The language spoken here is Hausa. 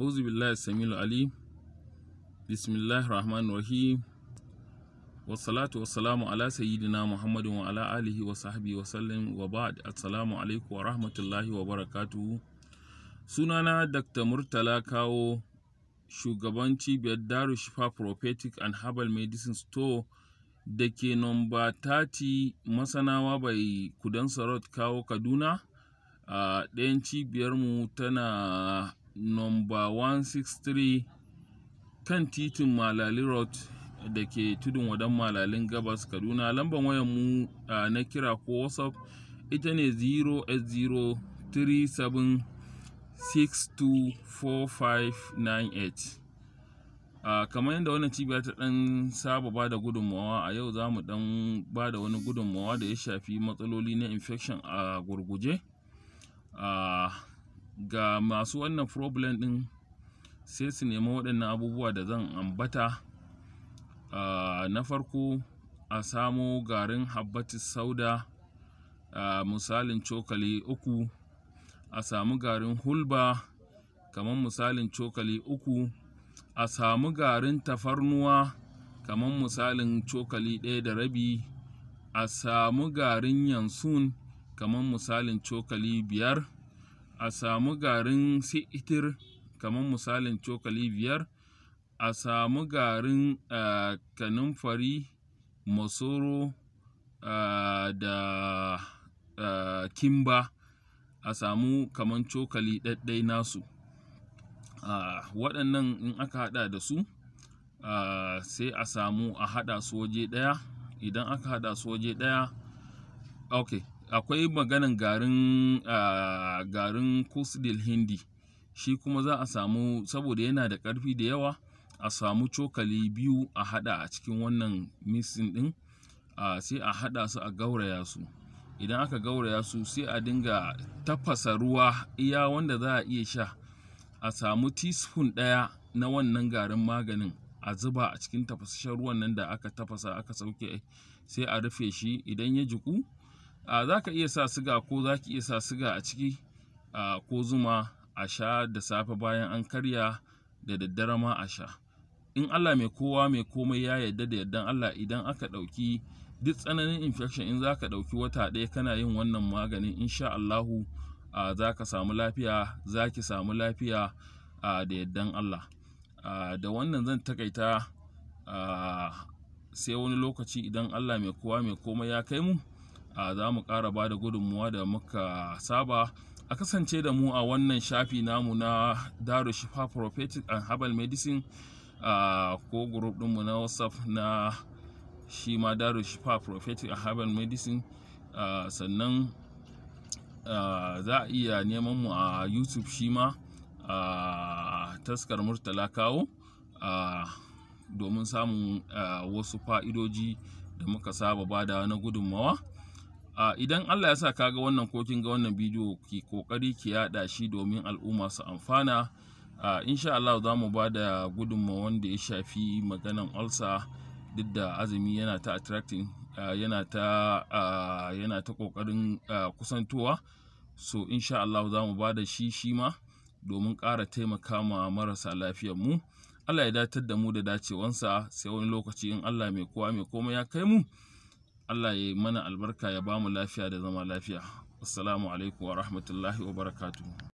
auzu billahi samil ali bismillahir rahmanir rahim wassalatu wassalamu ala sayyidina muhammadin wa ala alihi wa sahbihi wa sallam wa ba'd assalamu alaikum wa rahmatullahi wa barakatuhu sunana dr murtala kawo shugaban cibiyar daru shifa prophetic and herbal medicine store da ke nomba 30 masanawa bai kudan sarot kawo kaduna a uh, ɗayan cibiyarmu tana nomba 163 kan titin malali road da ke tudun wadan malalin gabas kaduna lambar wayan mu na kira ko whatsapp ita ne 08037624598 uh, kamar yadda wannan cibiya ta dan saba ba da gudunmawa a yau za mu dan ba da wani gudunmawa da ya shafi matsaloli na infection a gurguje uh, ga masu wannan problem din sai su nemi waɗannan abubuwa da zan ambata na farko a samo garin habbatus sauda a misalin cokali uku a samu garin hulba kamar misalin cokali uku a samu garin tafarnuwa kamar misalin cokali ɗaya da rabi a samu garin yansun kaman misalin cokali biyar a samu garin si'itir kamar misalin cokali biyar a samu garin kanunfari, masoro da kimba a samu kamar cokali ɗaɗɗai nasu waɗannan in aka haɗa da su sai a samu a haɗa su waje ɗaya idan aka haɗa su waje ɗaya okay akwai maganan garin uh, garin kusdil hindi shi kuma za a samu saboda yana da karfi da yawa a samu cokali biyu a hada a cikin wannan misin din sai a hada su a gauraya su idan aka gauraya su sai a dinga tafasa ruwa iya wanda za a iya sha a samu teaspoon ɗaya na wannan garin maganin a zuba a cikin tafasasshen ruwan nan da aka tafasa aka sauke sai a rufe shi idan ya jiku za ka iya sa siga ko za ki iya sa siga a ciki a ko zuma a sha da safe bayan an karya da daddare ma a sha in Allah mai kowa mai komai ya yarda da yardan Allah idan aka ɗauki duk tsananin infection in za ka ɗauki wata ɗaya kana yin wannan maganin insha Allahu za ka samu lafiya za ki samu lafiya da yardan Allah da wannan zan takaita sai wani lokaci idan Allah mai kowa mai komai ya kai mu za mu ƙara ba da gudunmuwa da muka saba a kasance da mu a wannan shafi namu na daru shifa prophetic and herbal medicine ko group ɗinmu na whatsapp na shi ma daru shifa prophetic and herbal medicine sannan za a iya neman mu a youtube shi ma taskar murtala kawo domin samun wasu fa'idoji da muka saba bada na gudunmawa Uh, idan Allah ya sa ga wannan ko kin ga wannan bidiyo ki kokari ki yada shi domin al'umma su amfana uh, insha Allah za mu ba da gudunma wanda ya shafi maganan ulcer duk da azumi yana ta attracting yana ta yana ta kokarin uh, kusantowa so insha Allah za mu ba shi shi ma domin ƙara taimaka ma marasa lafiyar mu Allah ya datar da mu da dacewansa sai wani lokaci in Allah mai kowa mai komai ya kai mu Allah ya mana albarka ya bamu lafiya da zama lafiya assalamu alaikum wa rahmatullahi wa barakatuhu